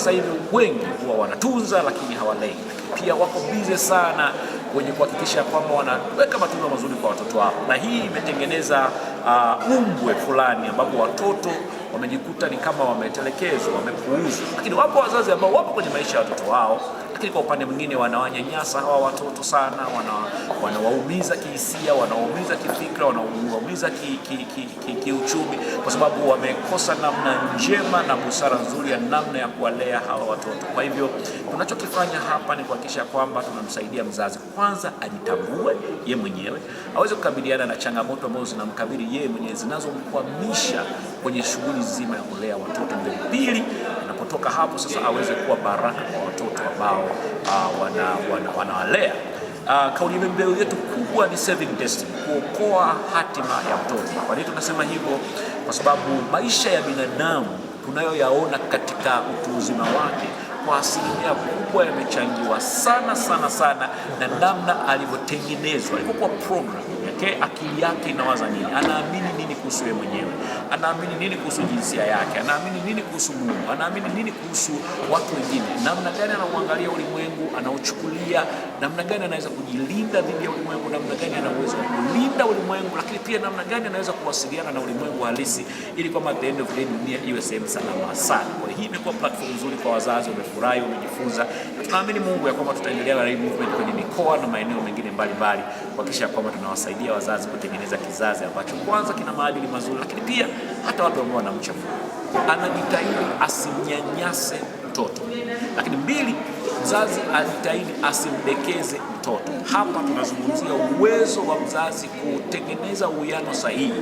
sasa hivi wengi huwa wanatunza lakini hawalei, lakini pia wako bize sana kwenye kuhakikisha kwamba wanaweka matunzo mazuri kwa watoto wao, na hii imetengeneza uh, umbwe fulani ambapo watoto wamejikuta ni kama wametelekezwa, wamepuuzwa. Lakini wapo wazazi ambao wapo kwenye maisha ya watoto wao lakini kwa upande mwingine wanawanyanyasa hawa watoto sana, wanawaumiza wana kihisia, wanawaumiza kifikra, wanawaumiza kiuchumi ki, ki, ki, ki kwa sababu wamekosa namna njema na busara nzuri ya namna ya kuwalea hawa watoto. Kwa hivyo tunachokifanya hapa ni kuhakikisha kwamba tunamsaidia mzazi kwanza ajitambue ye mwenyewe, aweze kukabiliana na changamoto ambazo zinamkabili yeye mwenyewe zinazomkwamisha kwenye shughuli nzima ya kulea watoto mbili, anapotoka hapo sasa aweze kuwa baraka kwa watoto ambao uh, ah, wanawalea wana, wana Uh, kauli mbiu yetu kubwa ni saving destiny, kuokoa hatima ya mtoto. Kwa nini tunasema hivyo? Kwa sababu maisha ya binadamu tunayoyaona katika utu uzima wake kwa asilimia kubwa yamechangiwa sana sana sana na namna alivyotengenezwa, alivyokuwa program pekee akili yake inawaza nini, anaamini nini kuhusu yeye mwenyewe, anaamini nini kuhusu jinsia yake, anaamini nini kuhusu Mungu, anaamini nini kuhusu watu wengine, namna gani anauangalia ulimwengu, anauchukulia namna gani, anaweza kujilinda dhidi ya ulimwengu, namna gani ana kuunda ulimwengu, lakini pia namna gani anaweza kuwasiliana na ulimwengu halisi ili kwamba the end of the day dunia iwe sehemu salama sana. Kwa hii imekuwa platform nzuri kwa wazazi, wamefurahi, wamejifunza, na tunaamini Mungu ya kwamba tutaendelea na hii movement kwenye mikoa na maeneo mengine mbalimbali kuhakikisha kwamba tunawasaidia wazazi kutengeneza kizazi ambacho kwanza kina maadili mazuri, lakini pia hata watu ambao wanamcha Mungu, anajitahidi asinyanyase mtoto. Lakini mbili, mzazi ajitahidi asimdekeze mtoto. Hapa tunazungumzia uwezo wa mzazi kutengeneza uwiano sahihi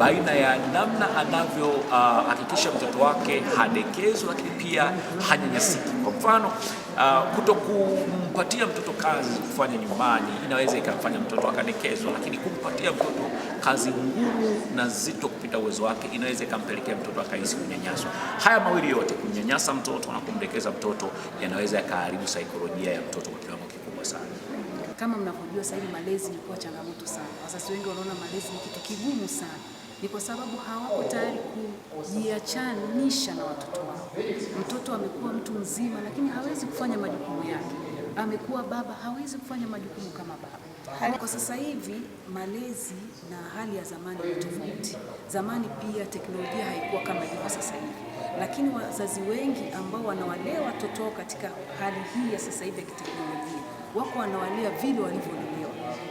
baina ya namna anavyohakikisha uh, mtoto wake hadekezwa lakini pia hanyanyasiki. Kwa mfano uh, kuto kumpatia mtoto kazi kufanya nyumbani inaweza ikamfanya mtoto akadekezwa, lakini kumpatia mtoto kazi ngumu na zito kupita uwezo wake inaweza ikampelekea mtoto akahisi kunyanyaswa. Haya mawili yote, kunyanyasa mtoto na kumdekeza mtoto, yanaweza yakaharibu saikolojia ya mtoto kwa kiwango kikubwa sana. Kama mnavyojua sasa hivi malezi kwa changamoto sana, wazazi wengi wanaona malezi ni kitu kigumu sana ni kwa sababu hawako tayari kujiachanisha na watoto wao. Mtoto amekuwa mtu mzima, lakini hawezi kufanya majukumu yake. Amekuwa baba, hawezi kufanya majukumu kama baba. Kwa sasa hivi malezi na hali ya zamani ni tofauti. Zamani pia teknolojia haikuwa kama ilivyo sasa hivi, lakini wazazi wengi ambao wanawalea watoto wao katika hali hii ya sasa hivi ya kiteknolojia, wako wanawalea vile walivyo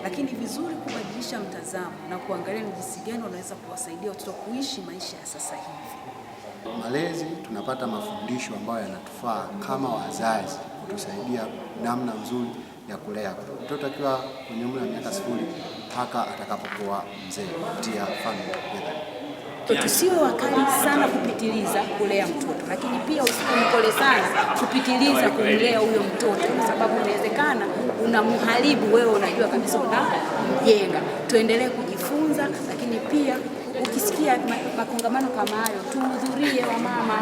lakini vizuri kubadilisha mtazamo na kuangalia ni jinsi gani wanaweza kuwasaidia watoto kuishi maisha ya sasa hivi. Malezi tunapata mafundisho ambayo yanatufaa kama wazazi, kutusaidia namna nzuri ya kulea mtoto akiwa kwenye umri wa miaka sifuri mpaka atakapokuwa mzee kupitia family gathering watoto tusiwe wakali sana kupitiliza kulea mtoto, lakini pia usiwe sana kupitiliza kumlea huyo mtoto, kwa sababu inawezekana unamharibu wewe, unajua kabisa unamjenga. Tuendelee kujifunza, lakini pia ukisikia makongamano kama hayo, tuhudhurie wamama.